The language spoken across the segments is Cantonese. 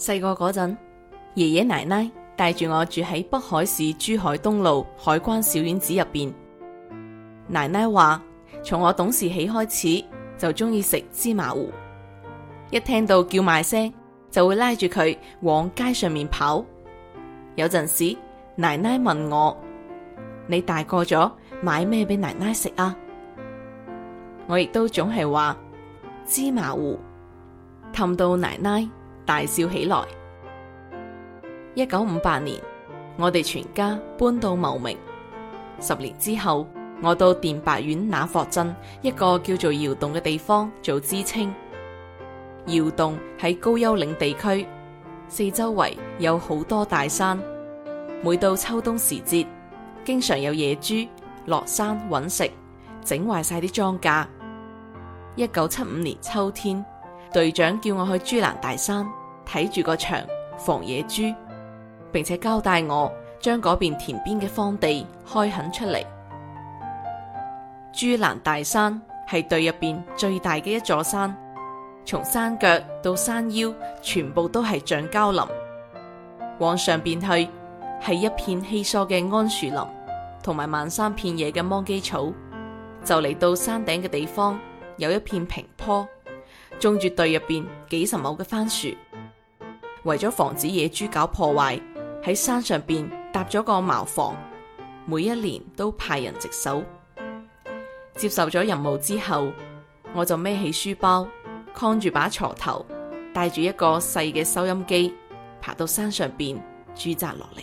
細個嗰陣，爺爺奶奶帶住我住喺北海市珠海東路海關小院子入邊。奶奶話：從我懂事起開始，就中意食芝麻糊。一聽到叫賣聲，就會拉住佢往街上面跑。有陣時，奶奶問我：你大個咗，買咩俾奶奶食啊？我亦都總係話芝麻糊，氹到奶奶。大笑起來。一九五八年，我哋全家搬到茂名。十年之後，我到電白縣那霍鎮一個叫做窑垌嘅地方做知青。窑垌喺高岴嶺地區，四周圍有好多大山。每到秋冬時節，經常有野豬落山揾食，整壞晒啲莊稼。一九七五年秋天，隊長叫我去豬欄大山。睇住個場防野豬，並且交代我將嗰邊田邊嘅荒地開墾出嚟。豬欄大山係隊入邊最大嘅一座山，從山腳到山腰全部都係橡膠林，往上邊去係一片稀疏嘅桉樹林，同埋漫山遍野嘅笀箕草。就嚟到山頂嘅地方，有一片平坡，種住隊入邊幾十畝嘅番薯。為咗防止野豬搞破壞，喺山上邊搭咗個茅房，每一年都派人值守。接受咗任務之後，我就孭起書包，扛住把鋤頭，帶住一個細嘅收音機，爬到山上邊駐紮落嚟。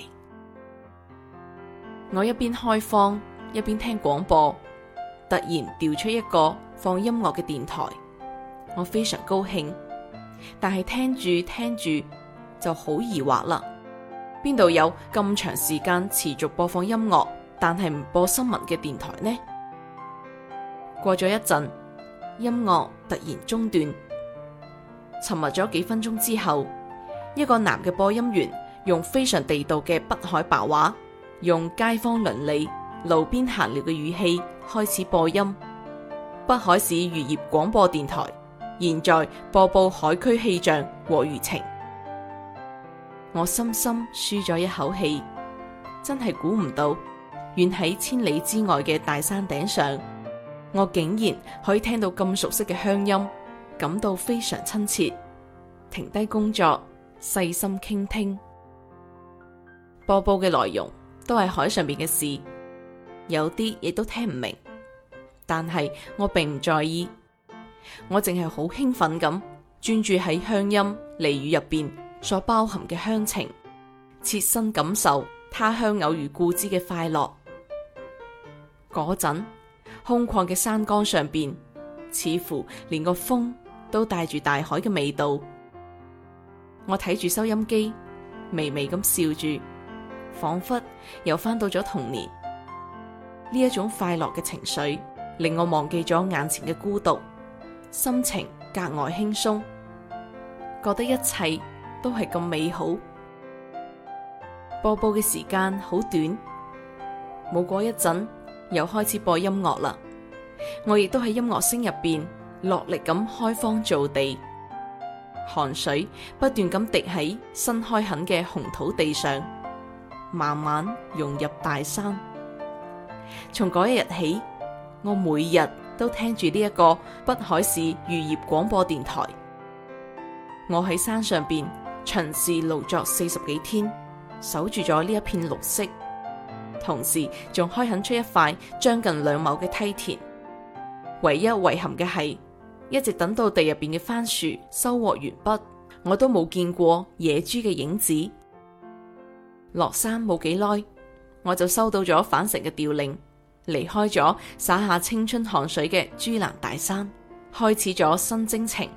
我一邊開荒，一邊聽廣播。突然調出一個放音樂嘅電台，我非常高興。但係聽住聽住。就好疑惑啦，邊度有咁長時間持續播放音樂，但係唔播新聞嘅電台呢？過咗一陣，音樂突然中斷，沉默咗幾分鐘之後，一個男嘅播音員用非常地道嘅北海白話，用街坊鄰里路邊閑聊嘅語氣開始播音：北海市漁業廣播電台，現在播報海區氣象和漁情。我深深舒咗一口氣，真係估唔到，遠喺千里之外嘅大山頂上，我竟然可以聽到咁熟悉嘅鄉音，感到非常親切。停低工作，細心傾聽。播報嘅內容都係海上邊嘅事，有啲亦都聽唔明，但係我並唔在意，我淨係好興奮咁專注喺鄉音俚語入邊。所包含嘅鄉情，切身感受他鄉偶遇故知嘅快樂。嗰陣時空曠嘅山崗上邊，似乎連個風都帶住大海嘅味道。我睇住收音機，微微咁笑住，仿佛又翻到咗童年。呢一種快樂嘅情緒令我忘記咗眼前嘅孤獨，心情格外輕鬆，覺得一切。都係咁美好。播報嘅時間好短，冇過一陣又開始播音樂啦。我亦都喺音樂聲入邊落力咁開荒造地，汗水不斷咁滴喺新開墾嘅紅土地上，慢慢融入大山。從嗰一日起，我每日都聽住呢一個北海市漁業廣播電台。我喺山上邊。巡視勞作四十幾天，守住咗呢一片綠色，同時仲開墾出一塊將近兩畝嘅梯田。唯一遺憾嘅係，一直等到地入邊嘅番薯收穫完畢，我都冇見過野豬嘅影子。落山冇幾耐，我就收到咗返城嘅調令，離開咗灑下青春汗水嘅豬欄大山，開始咗新征程。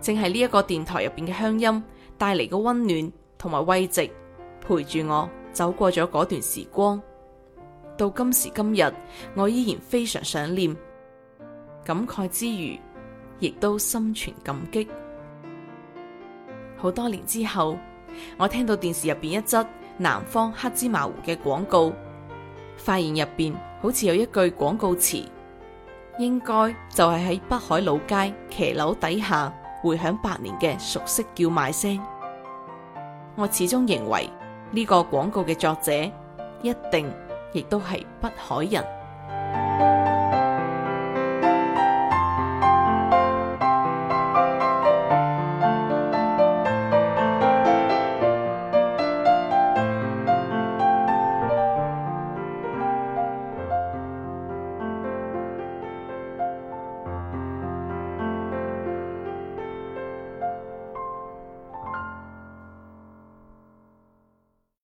正係呢一個電台入邊嘅鄉音帶嚟嘅溫暖同埋慰藉，陪住我走過咗嗰段時光。到今時今日，我依然非常想念，感慨之餘，亦都心存感激。好多年之後，我聽到電視入邊一則南方黑芝麻糊嘅廣告，發現入邊好似有一句廣告詞，應該就係喺北海老街騎樓底下。回響百年嘅熟悉叫賣聲，我始終認為呢、這個廣告嘅作者一定亦都係北海人。